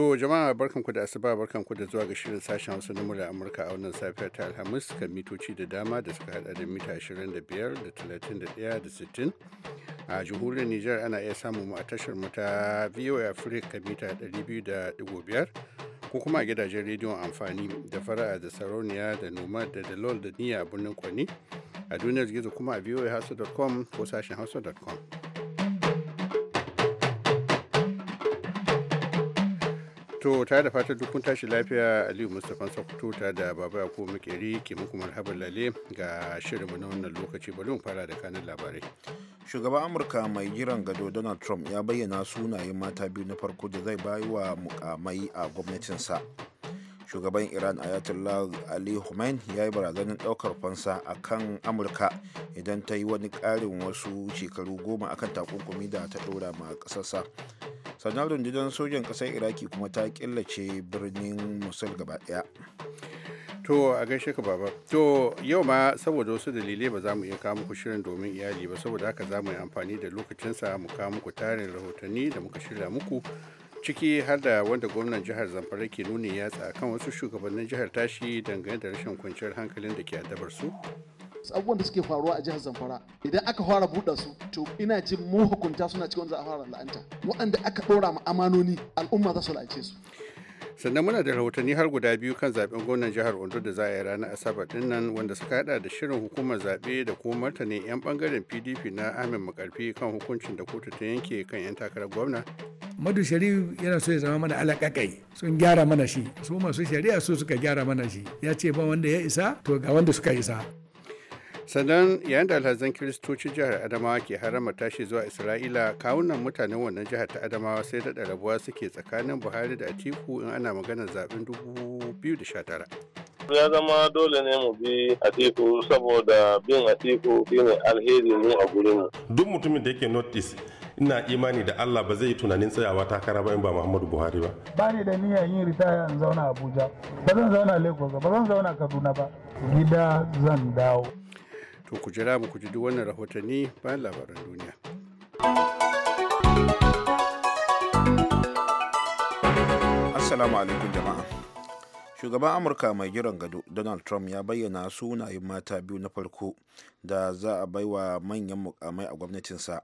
To jama'a barkanku da asuba barkanku da zuwa ga shirin sashen Hausa na murya Amurka a wannan safiya ta Alhamis kan mitoci da dama da suka hada da mita 25 da 31 da 60. A jamhuriyar Nijar ana iya samun mu a tashar mu ta VOA Africa mita 200 ko kuma a gidajen rediyon amfani da fara'a da sarauniya da noma da dalol da niyya a birnin Kwani a duniyar gizo kuma a voahausa.com ko sashen hausa.com. To ta da fatan dukkan tashi lafiya Aliyu Mustapha Sokoto ta da Baba Yakubu Makeri ke muku marhaban lale ga shirinmu na wannan lokaci bari mu fara da kanin labarai. Shugaban Amurka mai jiran gado Donald Trump ya bayyana sunayen mata biyu na farko da zai bayi wa mukamai a gwamnatinsa. Shugaban Iran Ayatollah Ali khamenei ya yi barazanin ɗaukar fansa a kan Amurka idan ta yi wani ƙarin wasu shekaru goma akan takunkumi da ta ɗora ma kasarsa. sannan rundunar sojan ƙasar iraki kuma ta killace birnin musul gaba ɗaya to a gaishe ka baba to yau ma saboda wasu dalilai ba za mu iya kawo muku shirin domin iyali ba saboda haka za mu yi amfani da lokacinsa mu kawo muku tarin rahotanni da muka shirya muku ciki har da wanda gwamnan jihar zamfara ke nuni yatsa kan wasu shugabannin jihar tashi dangane da rashin kwanciyar hankalin da ke addabar su abubuwan da suke faruwa a jihar zamfara idan aka fara buɗa su to ina jin mu hukunta suna cikin za a fara la'anta waɗanda aka ɗora ma amanoni al'umma za su la'ance su sannan muna da rahotanni har guda biyu kan zaben gwamnan jihar ondo da za a yi ranar asabar din nan wanda suka hada da shirin hukumar zaɓe da kuma martani 'yan bangaren pdp na amin makarfi kan hukuncin da kotu ta yanke kan 'yan takarar gwamna madu sharif yana so ya zama mana alaƙaƙai sun gyara mana shi su masu shari'a su suka gyara mana shi ya ce ba wanda ya isa to ga wanda suka isa sannan yayin da alhazan kiristoci jihar adamawa ke harama tashi zuwa isra'ila kawunan mutanen wannan jihar ta adamawa sai da rabuwa suke tsakanin buhari da atiku in ana maganar zaben tara. ya zama dole ne mu bi atiku saboda bin atiku shine alheri ne a gurin duk mutumin da yake notice ina imani da Allah ba zai yi tunanin tsayawa takara ba in ba Muhammadu Buhari ba. Ba ni da niyyar yin ritaya in zauna Abuja, ba zan zauna Lagos ba zan zauna Kaduna ba, gida zan dawo. to ku jira mu ku ji duk wannan rahotanni bayan labaran duniya assalamu alaikum jama'a shugaban amurka mai jiran gado donald trump ya bayyana sunayen mata biyu na farko da za a baiwa manyan mukamai a gwamnatinsa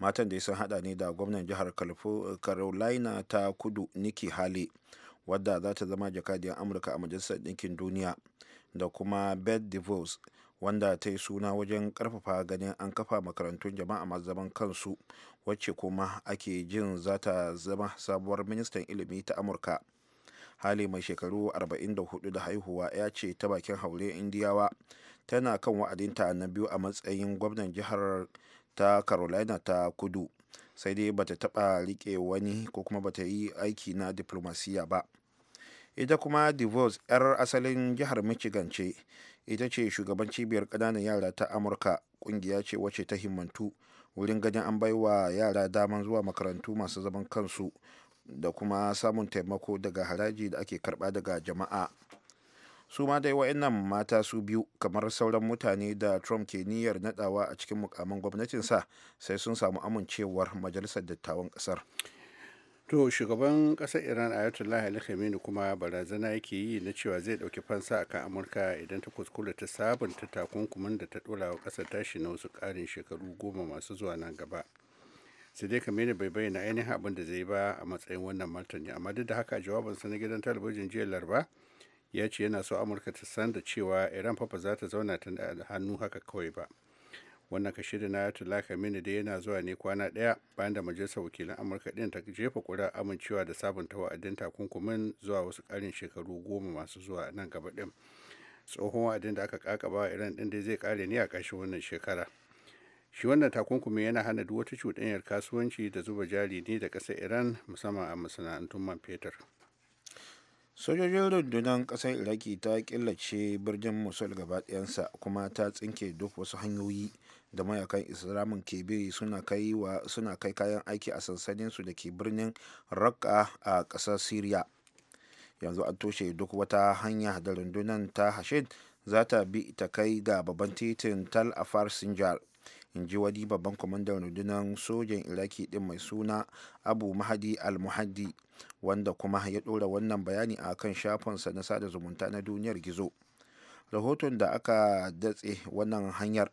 matan da ya sun hada ne da gwamnan jihar carolina ta kudu nikki haley wadda za ta zama jakadiyar amurka a majalisar ɗinkin duniya da kuma beth devos wanda ta yi suna wajen karfafa ganin an kafa makarantun jama'a masu zaman kansu wacce kuma ake jin za ta zama sabuwar ministan ilimi ta amurka hali mai shekaru 44 da haihuwa ya ce ta bakin haure indiyawa tana kan wa'adinta na biyu a matsayin gwamnan jihar ta carolina ta kudu sai dai bata taba rike wani ko kuma bata yi aiki na diplomasiya ba ita kuma divorce 'yar asalin jihar michigan ce ita ce shugaban cibiyar ƙananan yara ta amurka ƙungiya ce wacce ta himmantu wurin ganin an baiwa yara daman zuwa makarantu masu zaman kansu da kuma samun taimako daga haraji da ake karba daga jama'a su ma dai wa'annan mata su biyu kamar sauran mutane da trump ke niyyar nadawa a cikin mukamin gwamnatinsa sai sun samu amincewar majalisar dattawan kasar to shugaban ƙasar iran ayatollah ali khamenei kuma barazana yake yi na cewa zai ɗauki fansa a kan amurka idan ta kuskure ta sabunta takunkumin da ta ɗora wa ƙasar tashi na wasu ƙarin shekaru goma masu zuwa nan gaba sai dai khamenei bai bayyana ainihin abin da zai ba a matsayin wannan martani amma duk da haka jawabinsa na gidan talabijin jiya laraba ya ce yana so amurka ta san da cewa iran fa ba za ta zauna ta hannu haka kawai ba wannan ka shirya na tulaka mini da yana zuwa ne kwana daya bayan da majalisar wakilan amurka din ta jefa kura amincewa da sabunta wa'adin takunkumin zuwa wasu karin shekaru goma masu zuwa nan gaba din tsohon wa'adin da aka kakaba wa iran din da zai kare ne a ƙarshen wannan shekara shi wannan takunkumi yana hana duk wata cuɗanyar kasuwanci da zuba jari ne da ƙasar iran musamman a masana'antun man fetur sojojin rundunar ƙasar iraki ta killace birnin musul gaba ɗayansa kuma ta tsinke duk wasu hanyoyi da mayakan islamin ke biri suna kai kayan aiki a sansaninsu da ke birnin raqqa a ƙasar syria yanzu an toshe duk wata hanya da rundunar ta hashid za ta bi ta kai ga babban titin tal afar sinjar in ji wani babban kwamandan rundunar sojan iraki din mai suna abu mahadi al-muhaddi wanda kuma ya ɗora wannan bayani a kan shafinsa na sada zumunta na duniyar gizo rahoton da aka datse wannan hanyar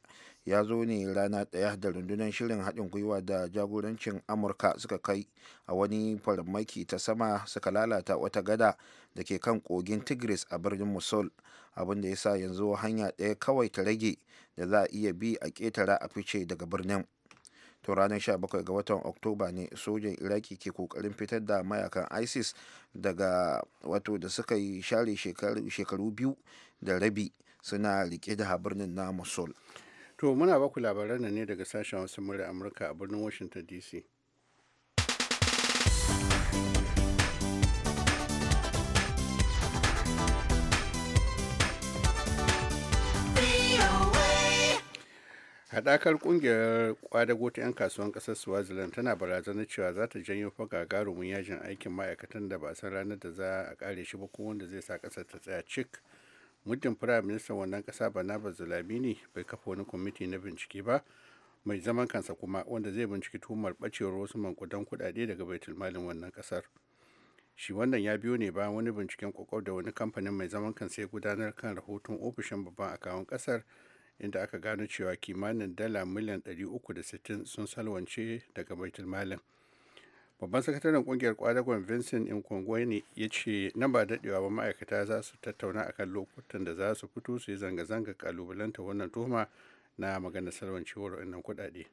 ya zo ne rana daya da rundunar shirin haɗin gwiwa da jagorancin amurka suka kai a wani farmaki ta sama suka lalata wata gada da ke kan kogin tigris a birnin mosul abinda ya sa yanzu hanya ɗaya kawai ta rage da za a iya bi a ƙetara a fice daga birnin to ranar 17 ga watan oktoba ne sojan iraki ke kokarin fitar da mayakan isis daga wato da suka yi share shekaru biyu da rabi suna rike da birnin na musul. To muna baku labaran nan ne daga sashen wasu murya Amurka a birnin Washington DC. haɗakar ƙungiyar kwadago ta 'yan kasuwan ƙasar swaziland tana barazanar cewa za ta janyo fa gagarumin yajin aikin ma'aikatan da ba san ranar da za a ƙare shi ba ko wanda zai sa ƙasar ta tsaya cik muddin firayim ministan wannan kasa barnabas zulabini bai kafa wani kwamiti na bincike ba mai zaman kansa kuma wanda zai binciki tuhumar bacewar wasu mankudan kudade daga baitulmalin wannan kasar shi wannan ya biyo ne bayan wani binciken kwakwab da wani kamfanin mai zaman kansa ya gudanar kan rahoton ofishin babban akawun kasar inda aka gano cewa kimanin dala miliyan 360 sun salwance daga baitulmalin malin babban sakataren kungiyar kwadagon vincent in ne ya ce nan ba dadewa ba ma'aikata za su tattauna akan lokutan da za su fito su yi zanga-zanga kalubalanta wannan tuhuma na maganar salwan ciwon wannan kudade.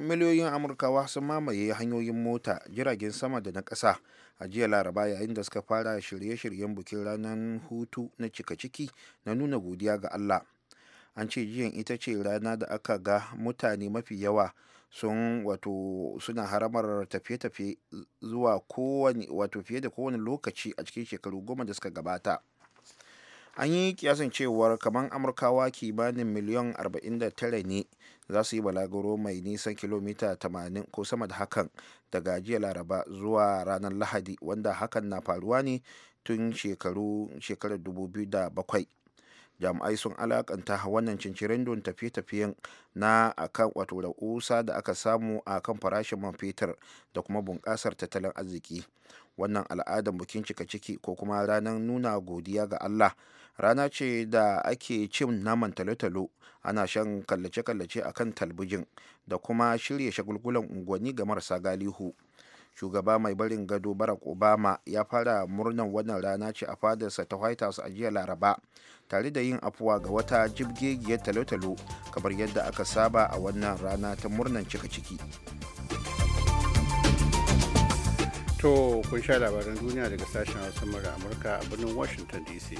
miliyoyin amurkawa sun mamaye hanyoyin mota jiragen sama da na ƙasa a jiya laraba yayin da suka fara shirye-shiryen bukin ranar hutu na cika ciki na nuna godiya ga allah an ce jiyan ita ce rana da aka ga mutane mafi yawa sun wato suna haramar tafiye-tafiye zuwa kowane wato fiye da kowane lokaci a cikin shekaru goma da suka gabata an yi kiyasin cewar kamar amurkawa kimanin miliyan 49 ne za su yi balaguro mai nisan kilomita 80 ko sama da hakan daga jiya laraba zuwa ranar lahadi wanda hakan na faruwa ne tun shekaru shekarar 2007 jami'ai sun alakanta wannan cincirindon tafiye-tafiyen na akan wato rahusa da aka samu a kan farashin man fetur da kuma bunƙasar tattalin arziki wannan al'adar bikin cika ciki ko kuma ranar nuna godiya ga allah rana ce da ake cin naman talo-talo ana shan kallace-kallace akan talbijin da kuma shirya shagulgulan unguwanni ga marasa galihu shugaba mai barin gado barack obama ya fara murnar wannan rana ce a fadarsa ta white house a jiya laraba tare da yin afuwa ga wata jibgegiyar talotalo talotalo kamar yadda aka saba a wannan rana ta murnan cika ciki to kun sha labaran duniya daga sashen hausa mara amurka a birnin washington dc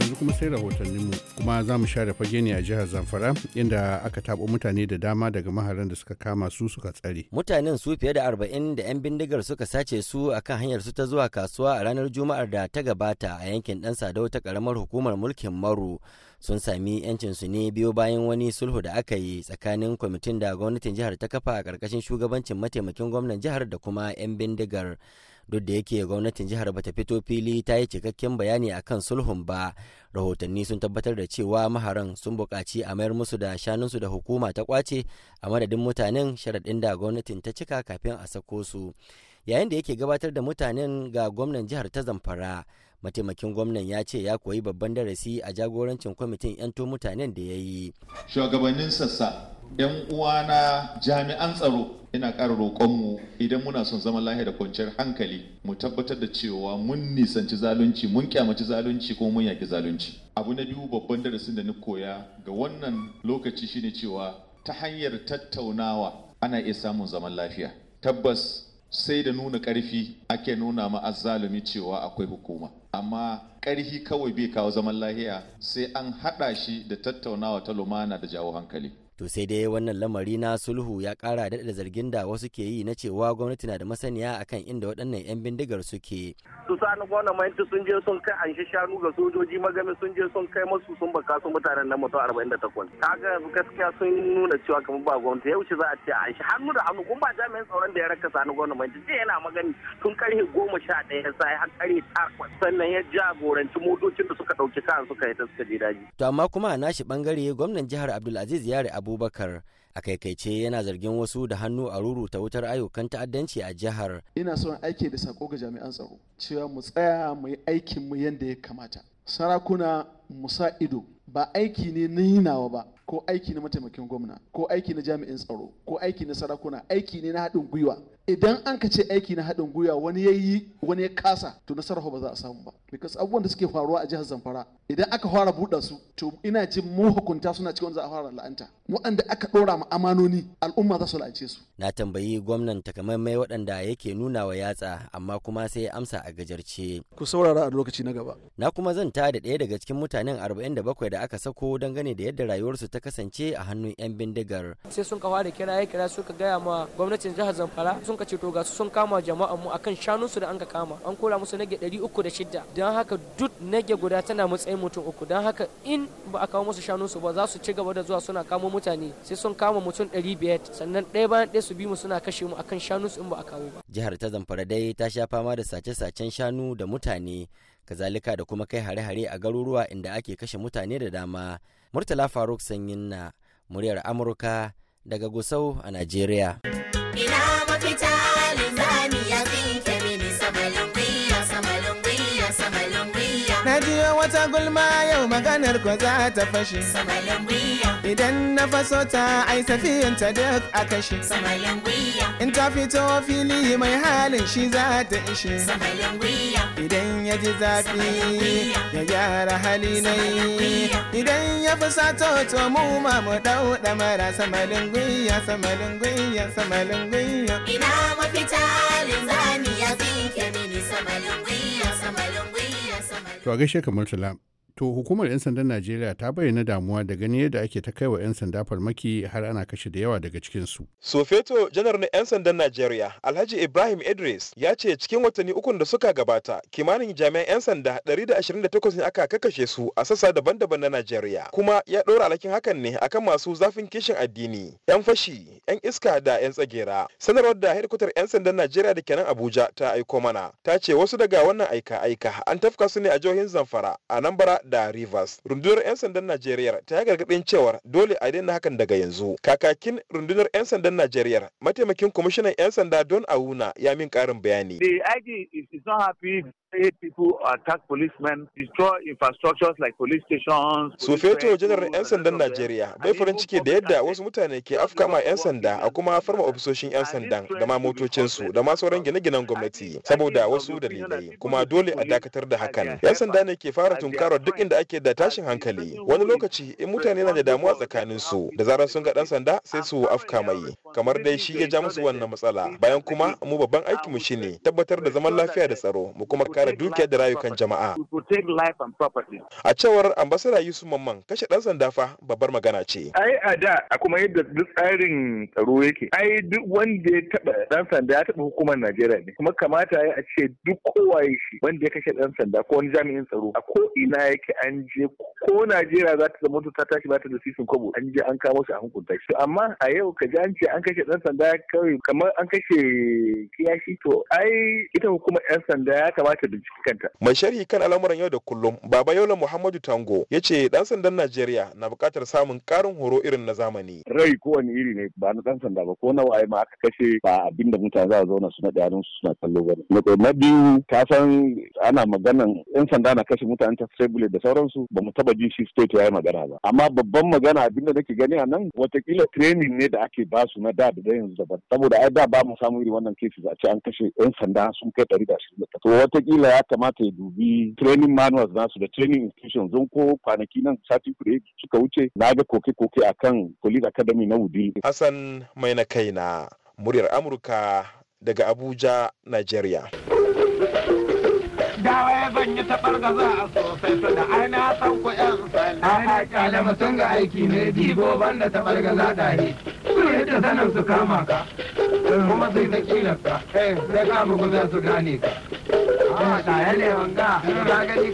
yanzu kuma sai mu kuma za mu share fage ne a jihar Zamfara inda aka tabo mutane da dama daga maharan da suka kama su suka tsare. Mutanen su fiye da arba'in da 'yan bindigar suka sace su akan hanyar su ta zuwa kasuwa a ranar Juma'ar da ta gabata a yankin dan Sadau ta ƙaramar hukumar mulkin Maru. Sun sami 'yancin su ne biyo bayan wani sulhu da aka yi tsakanin kwamitin da gwamnatin jihar ta kafa a karkashin shugabancin mataimakin gwamnan jihar da kuma 'yan bindigar. duk da yake gwamnatin jihar bata fito fili ta yi cikakken bayani akan sulhun ba rahotanni sun tabbatar da cewa maharan sun buƙaci a mayar musu da shanunsu da hukuma ta kwace a madadin mutanen sharaɗin da gwamnatin ta cika kafin a sako su yayin da yake gabatar da mutanen ga gwamnan jihar ta zamfara mataimakin gwamnan ya ce ya koyi babban darasi a jagorancin kwamitin 'yanto mutanen da ya yi shugabannin sassa 'yan uwana jami'an tsaro ina ƙara roƙonmu idan muna son zaman lahiya da kwanciyar hankali mu tabbatar da cewa mun nisanci zalunci mun kyamaci zalunci kuma mun yaki zalunci abu na biyu babban darasin da na koya ga wannan lokaci shine cewa ta hanyar tattaunawa ana iya samun zaman lafiya tabbas sai da nuna ƙarfi ake nuna ma cewa akwai hukuma amma ƙarfi kawai bai kawo zaman lahiya sai an haɗa shi da tattaunawa ta lumana da jawo hankali To sai dai wannan lamari na sulhu ya kara daɗa zargin da wasu ke yi na cewa gwamnati na da masaniya akan inda waɗannan 'yan bindigar suke. Su sani gwamnati sun je sun kai an shanu ga sojoji magami sun je sun kai masu sun baka su mutanen na mutu 48. Kaga gaskiya sun nuna cewa kamar ba gwamnati ya wuce za a ce an shi hannu da hannu kun ba jami'in tsaron da ya raka sani gwamnati sai yana magani tun karfe goma sha ɗaya sai har karfe takwas sannan ya jagoranci motocin da suka ɗauki kan suka yi ta suka je daji. To amma kuma a nashi ɓangare gwamnan jihar Abdulaziz Yare Abu abubakar a kaikaice yana zargin wasu da hannu a ruruta wutar ayyukan ta'addanci a jihar ina son aiki da sako ga jami'an tsaro cewa mu tsaya mu yi aikin mu yadda ya kamata sarakuna musa ido ba aiki ne na yinawa ba ko aiki na mataimakin gwamna ko aiki na jami'in tsaro ko aiki na sarakuna aiki ne na haɗin gwiwa idan an ka ce aiki na haɗin gwiwa wani ya yi wani ya kasa to nasara ba za a samu ba because abubuwan da suke faruwa a jihar zamfara idan aka fara buɗa su to ina jin mu hukunta suna cikin za a fara la'anta waɗanda aka ɗora ma amanoni al'umma za su la'ance su na tambayi gwamnan takamaimai waɗanda yake nuna wa yatsa amma kuma sai ya amsa a gajarce ku saurara a lokaci na gaba na kuma zan da ɗaya daga cikin mutanen 47 da aka sako dangane da yadda rayuwarsu ta kasance a hannun 'yan bindigar. Sai sun kawo da ya kira suka gaya ma gwamnatin jihar Zamfara sun kace ce to ga su sun kama jama'an mu akan su da an ka kama an kora musu nage 306 don haka duk nage guda tana matsayin mutum uku don haka in ba a kawo musu su ba za su ci gaba da zuwa suna kamo mutane sai sun kama mutum 500 sannan ɗaya bayan ɗaya su bi mu suna kashe mu akan su in ba a kawo ba. Jihar ta Zamfara dai ta sha fama da sace-sacen shanu da mutane kazalika da kuma kai hare-hare a garuruwa inda ake kashe mutane da dama murtala faruk sanyin na muryar amurka daga gusau a najeriya wata gulma yau maganar ko za ta fashe. Idan na faso ta ai safiyan ta duk a kashe. In ta fito fili mai halin shi za ta ishe. Idan ya ji zafi ya gyara hali na yi idan ya fi sato to mu ma mu dau mara samalin gwiya samalin gwiya samalin gwiya ina mafita linzami ya fi mini samalin gwiya samalin gwiya to a gaishe kamar tala To hukumar 'yan sandan Najeriya ta bayyana damuwa da gani yadda ake ta kai wa 'yan sanda farmaki har ana kashe da yawa daga cikinsu. Sofeto janar na 'yan sandan Najeriya Alhaji Ibrahim Idris ya ce cikin watanni ukun da suka gabata kimanin jami'an 'yan sanda 128 ne aka kakashe su a sassa daban-daban na Najeriya kuma ya ɗora alhakin hakan ne akan masu zafin kishin addini 'yan fashi 'yan iska da 'yan tsagera. Sanarwar da hedkwatar 'yan sandan Najeriya da kenan Abuja ta aiko mana ta ce wasu daga wannan aika-aika an tafka su ne a jihohin Zamfara a bara da Rivers. Rundunar 'yan sandan Najeriya ta yi gargaɗin cewar dole a daina hakan daga yanzu. Kakakin rundunar 'yan sandan Najeriya mataimakin kwamishinan 'yan sanda Don Auna ya min ƙarin bayani. The IG is not happy people attack policemen, destroy infrastructures like Sufeto janar 'yan sandan Najeriya bai farin ciki da yadda wasu mutane ke afka ma 'yan sanda a kuma farma ofisoshin 'yan sandan da ma motocinsu da ma sauran gine-ginen gwamnati saboda wasu dalilai kuma dole a dakatar da hakan. 'Yan sanda ne ke fara tunkarar duk inda ake da tashin hankali. Wani lokaci in mutane na da damuwa tsakanin su da zarar sun ga dan sanda sai su afka mai kamar dai shi ya ja musu wannan matsala. Bayan kuma mu babban aikinmu shine tabbatar da zaman lafiya da tsaro mu kuma kare dukiyar da rayukan jama'a. A cewar ambasada Yusuf Mamman kashe ɗan sanda fa babbar magana ce. Ai a da a kuma yadda duk tsarin tsaro yake. Ai duk wanda ya taɓa ɗan sanda ya taɓa hukumar Najeriya ne. Kuma kamata ya ce duk kowaye shi wanda ya kashe ɗan sanda ko wani jami'in tsaro a ko ina yake an je ko Najeriya za ta zama ta tashi ba ta da sisin kwabo an je an kamo shi a hukunta shi. Amma a yau ka ji an ce an kashe ɗan sanda kawai kamar an kashe kiyashi to ai ita hukumar 'yan sanda ya kamata ta binciki Mai sharhi kan al'amuran yau da kullum Baba Yola Muhammadu Tango ya ce ɗan sandan Najeriya na buƙatar samun ƙarin horo irin na zamani. Rai kowane iri ne ba na ɗan sanda ba ko nawa waye ma aka kashe ba abin da mutane za a zauna su naɗe hannun su suna kallo ba. Na biyu ka san ana maganan ɗan sanda na kashe mutane ta bullet da sauransu ba mu taɓa jin shi state ya yi magana ba. Amma babban magana abin da nake gani a nan watakila training ne da ake ba su na da da yanzu daban. Saboda ai da ba mu samu iri wannan cases a ce an kashe 'yan sanda sun kai ɗari da ashirin da takwas. kila ya kamata ya dubi training manuals nasu da training institutions don ko kwanaki nan sati kuɗe suka wuce na ga koke-koke a kan police academy na wudi. Hassan mai na na muryar Amurka daga Abuja, Nigeria. Dawaye ya yi taɓar da za a sosai su da aina san ku ƴan sanda. Aina kyale mutum ga aiki ne digo banda taɓar da za ta yi. Su yadda sanin su kama ka. kuma sai ka bugu za su ka ɗaya ne gani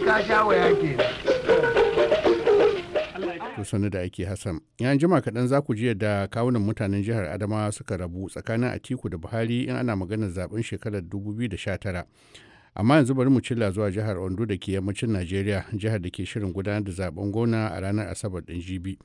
waya da ake hassan yan jima kaɗan za ku ji da kawunan mutanen jihar adama suka rabu tsakanin atiku da buhari in ana maganar zaben shekarar 2019 amma yanzu bari mu cilla zuwa jihar ondo da ke yammacin najeriya jihar da ke shirin gudanar da zaben gona a ranar asabar ɗin jibi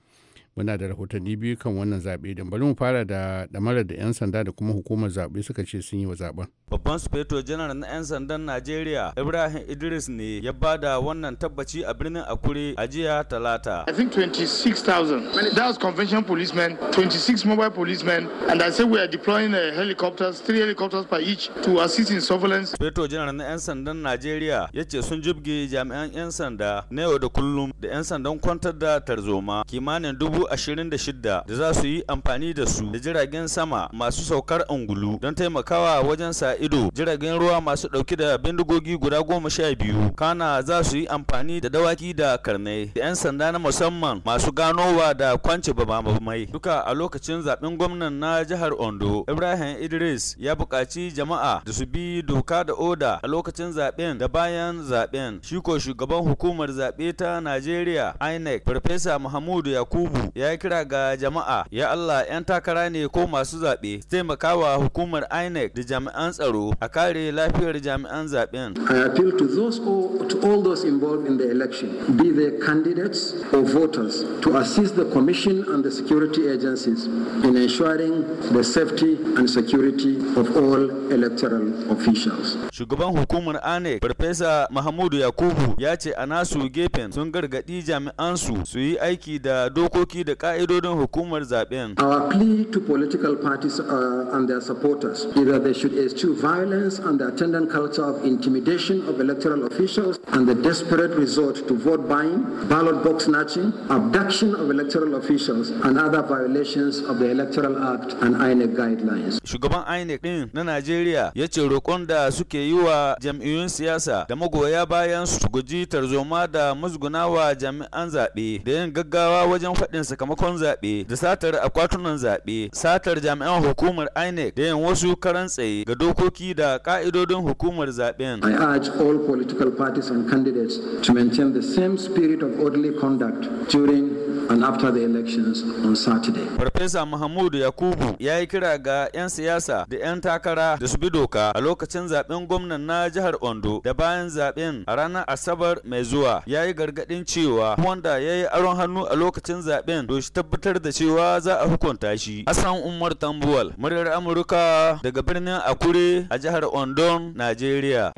muna da rahotanni biyu kan wannan zaɓe din bari mu fara da ɗamarar da 'yan sanda da kuma hukumar zaɓe suka ce sun yi wa zaɓen. babban sufeto janar na 'yan sandan najeriya ibrahim idris ne ya ba da wannan tabbaci a birnin akure a jiya talata. i think 26,000 that was convention policemen 26 mobile policemen and i say we are deploying uh, helicopters three helicopters per each to assist in surveillance. sufeto janar na 'yan sandan najeriya ya ce sun jibge jami'an 'yan sanda na yau da kullum da 'yan sandan kwantar da tarzoma kimanin dubu 26 da za su yi amfani da su da jiragen sama masu saukar angulu don taimakawa wajen sa ido jiragen ruwa masu ɗauki da bindigogi guda goma sha biyu kana za su yi amfani da dawaki da karnai da 'yan sanda na musamman masu ganowa da kwance mai duka a lokacin zaben gwamnan na jihar ondo ibrahim idris ya buƙaci jama'a da su bi doka da oda a lokacin zaben da bayan zaben shi shugaban hukumar zaɓe ta najeriya inec farfesa muhammadu yakubu ya yi kira ga jama'a ya Allah 'yan takara ne ko masu zaɓe su hukumar INEC da jami'an tsaro a kare lafiyar jami'an zaɓen. I appeal to those all, to all those involved in the election, be they candidates or voters, to assist the commission and the security agencies in ensuring the safety and security of all electoral officials. Shugaban hukumar INEC Farfesa Mahamudu Yakubu ya ce a nasu gefen sun gargaɗi jami'ansu su yi aiki da dokoki dokoki da ka'idodin hukumar zaben. Our plea to political parties uh, and their supporters is that they should eschew violence and the attendant culture of intimidation of electoral officials and the desperate resort to vote buying, ballot box snatching, abduction of electoral officials and other violations of the Electoral Act and INEC guidelines. Shugaban INEC din na Najeriya ya ce roƙon da suke yi wa jam'iyyun siyasa da magoya bayan su guji tarzoma da wa jami'an zaɓe da yin gaggawa wajen faɗin sakamakon zaɓe da satar akwatunan zaɓe satar jami'an hukumar INEC da yin wasu karan tsaye ga dokoki da ƙa'idodin hukumar zaɓen. I urge all political parties and candidates to maintain the same spirit of orderly conduct during and after the elections on Saturday. Farfesa mahmud Yakubu ya yi kira ga 'yan siyasa da 'yan takara da su bi doka a lokacin zaɓen gwamnan na jihar Ondo da bayan zaɓen a ranar Asabar mai zuwa ya yi gargaɗin cewa wanda ya yi aron hannu a lokacin zaɓen. lamarin to tabbatar da cewa za a hukunta shi Hassan Umar Tambuwal muryar Amurka daga birnin Akure a jihar Ondon, Najeriya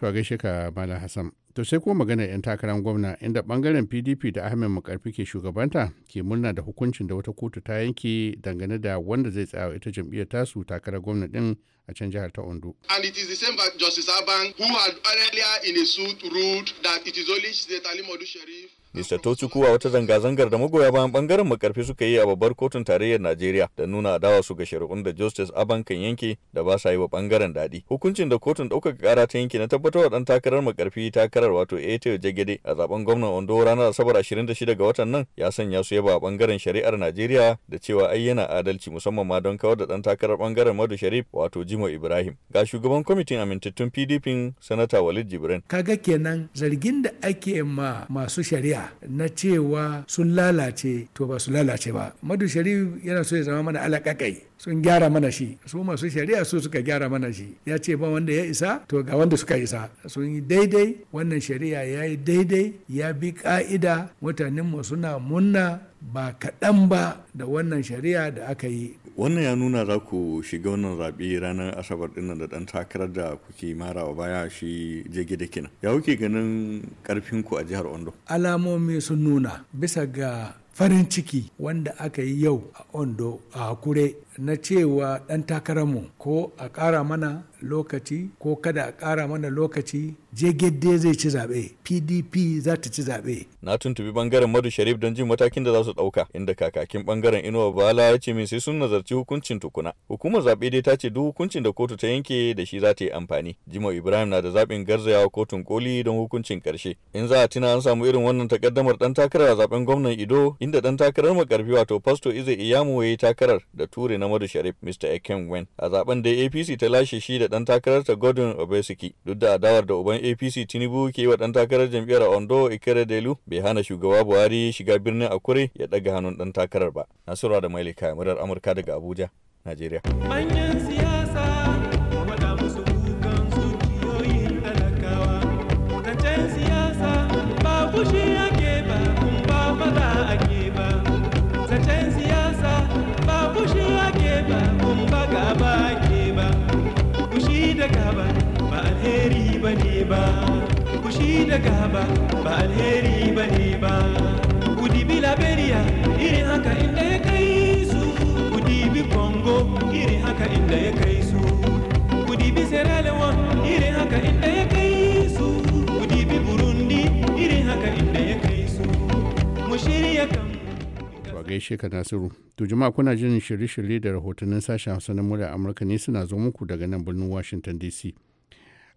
to gaishe ka hassan to sai kuma maganar 'yan takarar gwamna inda bangaren pdp da ahmed makarfi ke shugabanta ke murna da hukuncin da wata kotu ta yanke dangane da wanda zai tsaya ita jam'iyyar tasu takarar gwamna din a can jihar ta ondo and it is had earlier in a suit ruled that sharif Mr. Tochukwu a wata zanga-zangar da magoya bayan bangaren makarfi suka yi a babbar kotun tarayyar Najeriya da nuna adawa su ga shari'un da Justice Aban kan yanke da ba sa yi wa bangaren daɗi. Hukuncin da kotun ɗaukaka kara ta yanke na tabbatar ɗan takarar makarfi takarar wato Eto Jagede a zaben gwamnan Ondo ranar Asabar 26 ga watan nan ya sanya su yaba bangaren shari'ar Najeriya da cewa ai yana adalci musamman ma don kawar da ɗan takarar bangaren Madu Sharif wato Jimo Ibrahim. Ga shugaban kwamitin amintattun PDP Sanata Walid Jibrin. Kaga kenan zargin da ake ma masu shari'a na cewa sun lalace to ba su lalace ba madu sharif yana so ya zama mana alaƙaƙai sun gyara mana shi su masu shari'a su suka gyara mana shi ya ce ba wanda ya isa to ga wanda suka isa sun yi daidai wannan shari'a ya yi daidai ya bi ka'ida masu suna munna ba kaɗan ba da wannan shari'a da aka yi wannan ya nuna za ku shiga wannan zaɓe ranar asabar ɗinnan da ɗan takarar da kuke mara wa baya shi je da kina ya kuke ganin ƙarfin ku a jihar ondo alamomi sun nuna bisa ga farin ciki wanda aka yi yau a ondo a hakure na cewa ɗan takararmu ko a ƙara mana lokaci ko kada a ƙara mana lokaci jegede zai ci zaɓe pdp za ta ci zaɓe na tuntubi ɓangaren madu sharif don jin matakin da za su ɗauka inda kakakin ɓangaren inuwa bala ya ce min sai sun nazarci hukuncin tukuna hukumar zaɓe dai ta ce duk hukuncin da kotu ta yanke da shi za ta yi amfani jimau ibrahim na da zaɓin garzayawa kotun koli don hukuncin ƙarshe in za a tuna an samu irin wannan takaddamar ɗan takarar a zaɓen gwamnan ido inda ɗan takarar makarfi wato fasto izai iyamu ya yi takarar da ture na Madu Sharif Mr. Eken Wen a zaben da APC ta lashe shi da dan ta Godwin Obesiki duk da adawar da uban APC Tinubu ke wa dan takarar jam'iyyar Ondo Ikere Delu bai hana shugaba Buhari shiga birnin Akure ya daga hannun dan takarar ba. Nasura da Mailika murar Amurka daga Abuja, Najeriya. bane ba kushi da gaba ba alheri bane ba kudi bi liberia irin haka inda ya kai su Kudibi congo irin haka inda ya kai su Kudibi bi sierra leone irin haka inda ya kai su Kudibi burundi irin haka inda ya kai su mu shirya kan ba gaishe ka nasiru to jama'a kuna jin shirye-shirye da rahotannin sashen hausa na murya amurka ne suna zo muku daga nan birnin washington dc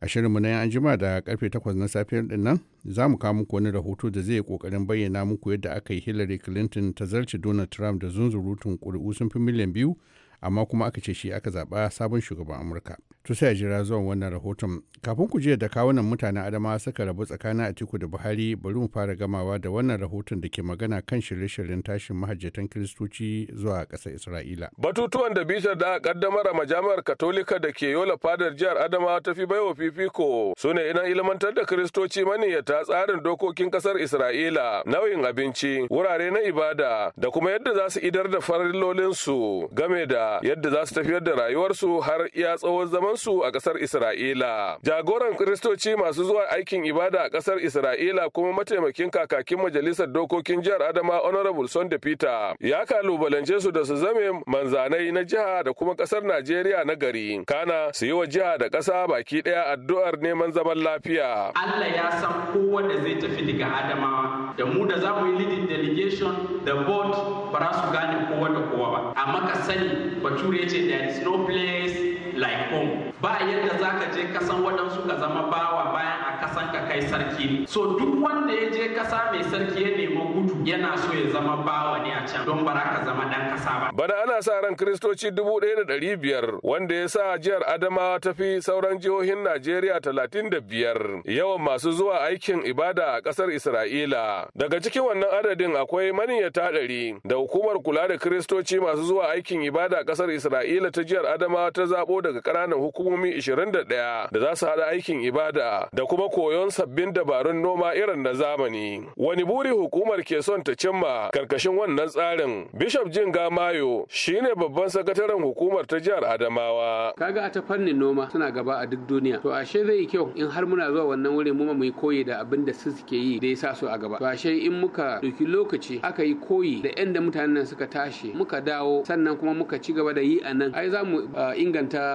a shirinmu na yan jima da karfe 8 na safiyar ɗinnan za mu kawo muku wani rahoto da zai kokarin bayyana muku yadda aka yi hillary clinton ta zarce donald trump da zunzurutun ƙuri'u sun fi miliyan biyu amma kuma aka ce shi aka zaɓa sabon shugaban amurka to jira zuwan wannan rahoton kafin ku jiya da kawunan mutanen adama suka rabu tsakanin atiku da buhari bari mu fara gamawa da wannan rahoton da ke magana kan shirye-shiryen tashin mahajjatan kiristoci zuwa ƙasar isra'ila batutuwan da bitar da kaddamar a majami'ar katolika da ke yola fadar jihar adama ta fi baiwa fifiko su ne ina ilmantar da kiristoci maniyyata tsarin dokokin ƙasar isra'ila nauyin abinci wurare na ibada da kuma yadda za su idar da farillolinsu game da yadda za su tafiyar da rayuwarsu har iya tsawon zaman sauransu a ƙasar Isra'ila. Jagoran Kiristoci masu zuwa aikin ibada a ƙasar Isra'ila kuma mataimakin kakakin majalisar dokokin jihar Adama Honorable Sunday Peter ya kalubalance su da su zame manzanai na jiha da kuma ƙasar Najeriya na gari. Kana su yi wa jiha da kasa baki ɗaya addu'ar neman zaman lafiya. Allah ya san kowa da zai tafi daga adama da mu da za mu yi leading delegation da board ba za su gane kowa da kowa ba. Amma ka sani Bature ce there is no place like home ba yadda za ka je kasan waɗansu ka zama bawa bayan a kasan ka kai sarki ne so duk wanda ya je kasa mai sarki ya nemi gudu yana so ya zama bawa ne a can don bara ka zama ɗan kasa ba. bana ana sa ran kiristoci dubu ɗaya da ɗari biyar wanda ya sa jihar adamawa ta fi sauran jihohin najeriya talatin da biyar yawan masu zuwa aikin ibada a ƙasar isra'ila daga cikin wannan adadin akwai maniyyata ɗari da hukumar kula da kiristoci masu zuwa aikin ibada a ƙasar isra'ila ta jihar adamawa ta zaɓo da daga ƙananan hukumomi 21 da za su haɗa aikin ibada da kuma koyon sabbin dabarun noma irin na zamani. Wani buri hukumar ke son ta cimma karkashin wannan tsarin. Bishop Jinga Mayo ne babban sakataren hukumar ta jihar Adamawa. Kaga a ta fannin noma suna gaba a duk duniya. To ashe zai yi kyau in har muna zuwa wannan wurin mu mu koyi da abin da su suke yi da ya sa su a gaba. To ashe in muka ɗauki lokaci aka yi koyi da yan da mutanen suka tashi muka dawo sannan kuma muka ci gaba da yi a nan. Ai za mu ah, inganta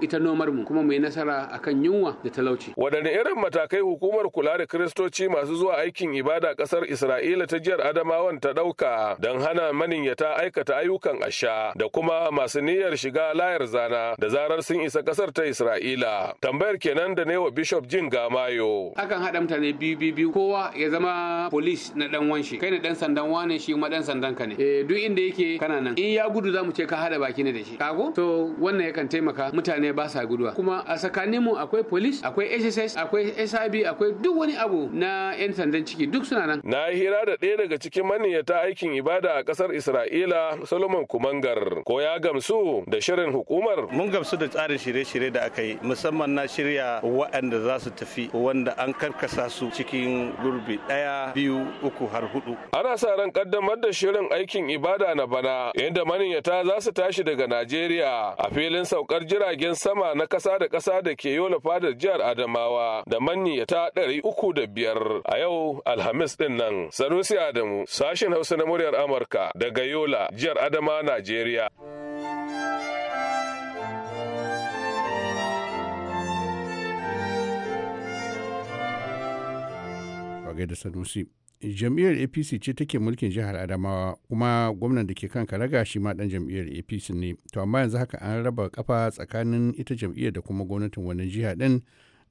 ita nomar mu kuma mu yi nasara a kan yunwa da talauci wadanne irin matakai hukumar kula da kiristoci masu zuwa aikin ibada kasar isra'ila ta jihar adamawan ta ɗauka don hana maniyyata aikata ayyukan asha da kuma masu niyyar shiga layar zana da zarar sun isa kasar ta isra'ila tambayar kenan da ne wa bishop jin gamayo akan haɗa mutane biyu biyu kowa ya zama polis na ɗan wanshi kai na ɗan sandan wane shi kuma ɗan sandan ka ne eh, duk inda yake kana nan in ya gudu za mu ce ka haɗa baki ne da shi kago to wannan yakan taimaka mutane ba sa guduwa kuma a tsakanin mu akwai police akwai SSS akwai SIB akwai duk wani abu na yan sandan ciki duk suna nan na hira da ɗaya daga cikin maniyyata aikin ibada a ƙasar Isra'ila Solomon Kumangar ko ya gamsu da shirin hukumar mun gamsu da tsarin shirye-shirye da aka yi musamman na shirya waɗanda za su tafi wanda an karkasa su cikin gurbi ɗaya biyu uku har hudu ana sa ran kaddamar da shirin aikin ibada na bana inda maniyyata za su tashi daga Najeriya a filin sa saukar jiragen sama na kasa da kasa da ke yola fadar jihar Adamawa da manniyata ɗari uku da biyar a yau Alhamis ɗin nan. Sanusi Adamu, sashen Hausa na muryar Amurka daga Yola, jihar Adama, Najeriya. jam'iyyar apc ce take mulkin jihar adamawa kuma gwamnan da ke kan karaga shi ma dan jam'iyyar apc ne to amma yanzu haka an raba kafa tsakanin ita jam'iyyar da kuma gwamnatin wannan jiha din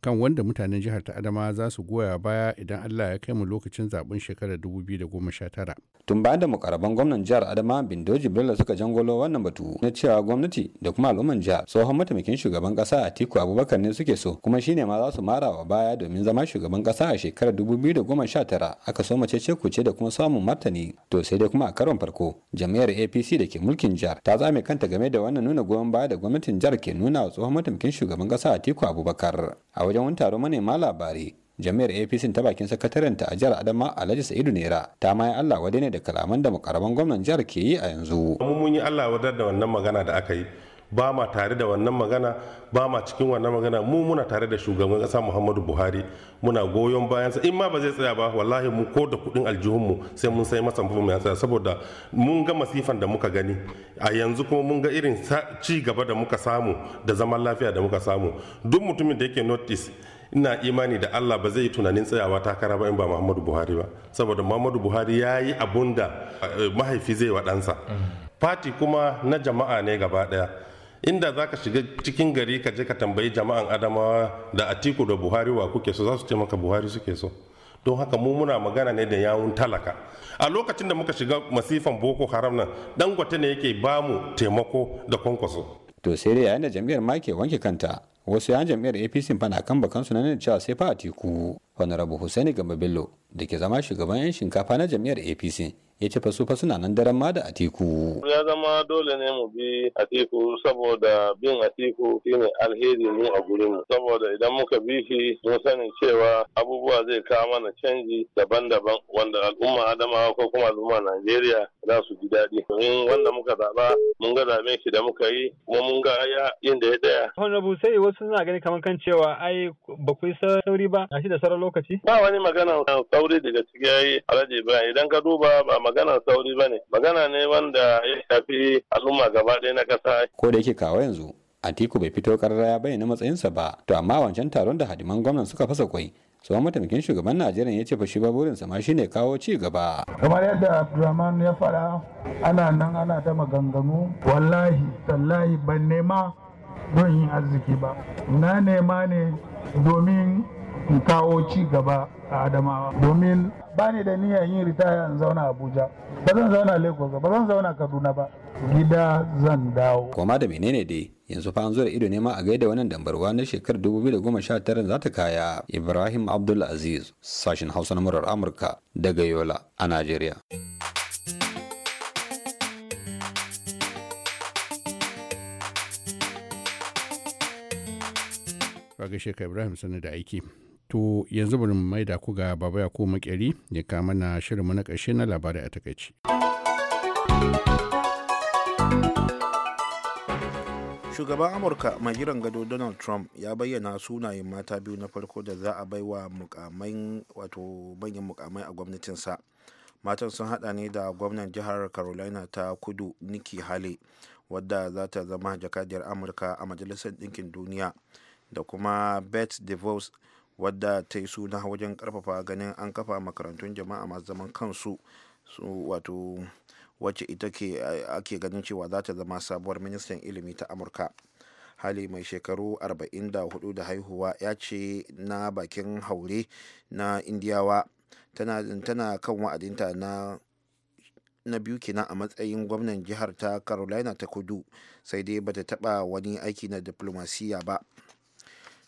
kan wanda mutanen jihar ta adama za su goya baya idan allah ya kai mu lokacin zaben shekarar 2019 tun bayan da mukarraban gwamnan jihar adama bindo jibrila suka jangolo wannan batu na cewa gwamnati da kuma al'umman jihar tsohon mataimakin shugaban a atiku abubakar ne suke so kuma shine ma za su mara wa baya domin zama shugaban kasa a shekarar 2019 aka so mace ce kuce da kuma samun martani to sai dai kuma a karon farko jami'ar apc da ke mulkin jihar ta zame kanta game da wannan nuna goyon baya da gwamnatin jihar ke nuna wa tsohon mataimakin shugaban kasa atiku abubakar a wajen wani taro manema labarai jami'ar apc ta bakin sakatarenta a jihar adama alhaji sa'idu nera ta maya allah wadai ne da kalaman da mukarraban gwamnan jihar ke yi a yanzu mun yi allah wadar da wannan magana da aka yi ba ma tare da wannan magana ba ma cikin wannan magana mu muna tare da shugaban kasa muhammadu buhari muna goyon bayansa in ma ba zai tsaya ba wallahi mu ko da kudin aljihunmu sai mun sai masa mu ya tsaya saboda mun ga masifan da muka gani a yanzu kuma mun ga irin ci gaba da muka samu da zaman lafiya da muka samu duk mutumin da yake notice ina imani da Allah ba zai yi tunanin tsayawa takara ba in ba Muhammadu Buhari ba saboda Muhammadu Buhari ya yi abun da eh, mahaifi zai wa ɗansa. Fati mm. kuma na jama'a ne gaba ɗaya inda za ka shiga cikin gari ka je ka tambayi jama'an adamawa da atiku da buhari wa kuke so za su ce maka buhari suke so don haka mu muna magana ne da yawun talaka a lokacin da muka shiga masifan boko haram nan dangote ne yake bamu taimako da kwankwaso to sai dai yayin da jam'iyyar ma ke wanke kanta wasu yan jam'iyyar apc fa na kan su na cewa sai fa a wani rabu husaini gama bello da ke zama shugaban yan shinkafa na jam'iyyar apc ya ce fasu fa suna nan daren ma da atiku. ya zama dole ne mu bi atiku saboda bin atiku shine alheri mu a gurin mu saboda idan muka bi shi mun sani cewa abubuwa zai kawo mana canji daban-daban wanda al'umma adamawa ko kuma al'umma najeriya za su ji daɗi domin wanda muka zaɓa mun ga zaɓen shi da muka yi kuma mun ga ya inda ya tsaya. honorable sai wasu suna gani kamar kan cewa ai ba ku yi sauri ba a shi da sauran lokaci. ba wani magana sauri daga ciki ya yi alhaji ibrahim idan ka duba ba magana sauri ba ne magana ne wanda ya shafi al'umma gaba ɗaya na ƙasa. ko da yake kawo yanzu atiku bai fito karara ya bayyana matsayinsa ba to amma wancan taron da hadiman gwamnan suka fasa kwai tsohon mataimakin shugaban najeriya ya ce fa shi burinsa ma shine kawo ci gaba kamar yadda abdulrahman ya fara ana nan ana ta maganganu wallahi tallahi ban nema don yin arziki ba na nema ne domin in kawo ci gaba a adamawa domin ba ni da niyyar yin ritaya in zauna abuja ba zan zauna lagos ba zan zauna kaduna ba gida zan dawo koma da menene dai yanzu fa an zo da ido nema a gaida wannan dambarwa na shekarar 2019 za ta kaya ibrahim abdul aziz sashen hausa na murar amurka daga yola a najeriya ga shekar ibrahim sani da aiki To yanzu bari mu maida ku ga Baba ya Yakubu Makeri ya kama na shirinmu na ƙarshe na labarai a takaici. Shugaban Amurka mai jiran gado Donald Trump ya bayyana sunayen mata biyu na farko da za a bai wa mukamai wato manyan mukamai a gwamnatin sa Matan sun hada ne da gwamnan jihar Carolina ta kudu Nikki Haley wadda za ta zama jakadiyar Amurka a Majalisar Ɗinkin Duniya da kuma Beth DeVos wadda ta yi suna wajen karfafa ganin an kafa makarantun jama'a masu zaman kansu wato wacce ita ke ake ganin cewa za ta zama sabuwar ministan ilimi ta amurka hali mai shekaru 44 da haihuwa ya ce na bakin haure na indiyawa tana, kan wa'adinta na na biyu kenan a matsayin gwamnan jihar ta carolina ta kudu sai dai bata taba wani aiki na diplomasiya ba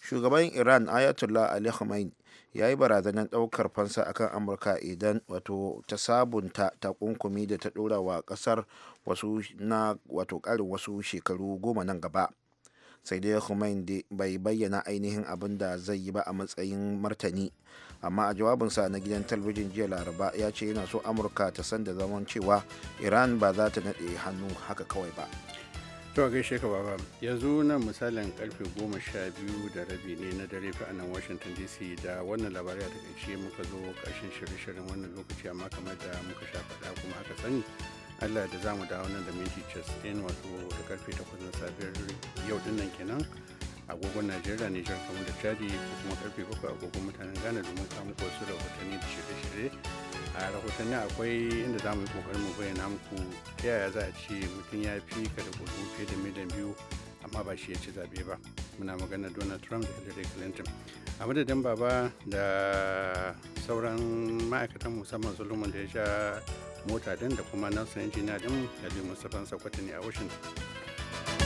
shugaban iran ayatollah ali khamenei ya yi barazanar daukar fansa akan amurka idan wato ta sabunta ta takunkumi da ta ɗora wa ƙasar wasu na wato ƙarin wasu shekaru goma nan gaba sai dai khamenei bai bayyana ainihin abin da zai yi ba a matsayin martani amma a jawabinsa na gidan talabijin jiya laraba ya ce yana so amurka ta san da zaman cewa iran ba za ta naɗe hannu haka kawai ba. To gaishe ka baba yanzu nan misalin karfe goma sha biyu da rabi ne na dare fa nan Washington DC da wannan labarai a takaice muka zo ƙarshen shirye-shiryen wannan lokaci amma kamar da muka sha faɗa kuma aka sani Allah da zamu dawo nan da minti 90 wato da karfe 8 na safiyar yau din nan kenan agogon Najeriya ne jar kamar da Chadi ko kuma karfe 7 agogon mutanen Ghana domin kamu wasu rahotanni da shirye-shirye a rahotanni akwai inda za mu yi kokarin mu bayyana muku ta yaya za a ce mutum ya fi ka da kudu fiye da miliyan biyu amma ba shi ya ci zaɓe ba muna magana donald trump da hillary clinton a madadin baba da sauran ma'aikatan musamman solomon da ya sha mota din da kuma nelson injiniya din da mustapha sakwata ne a washington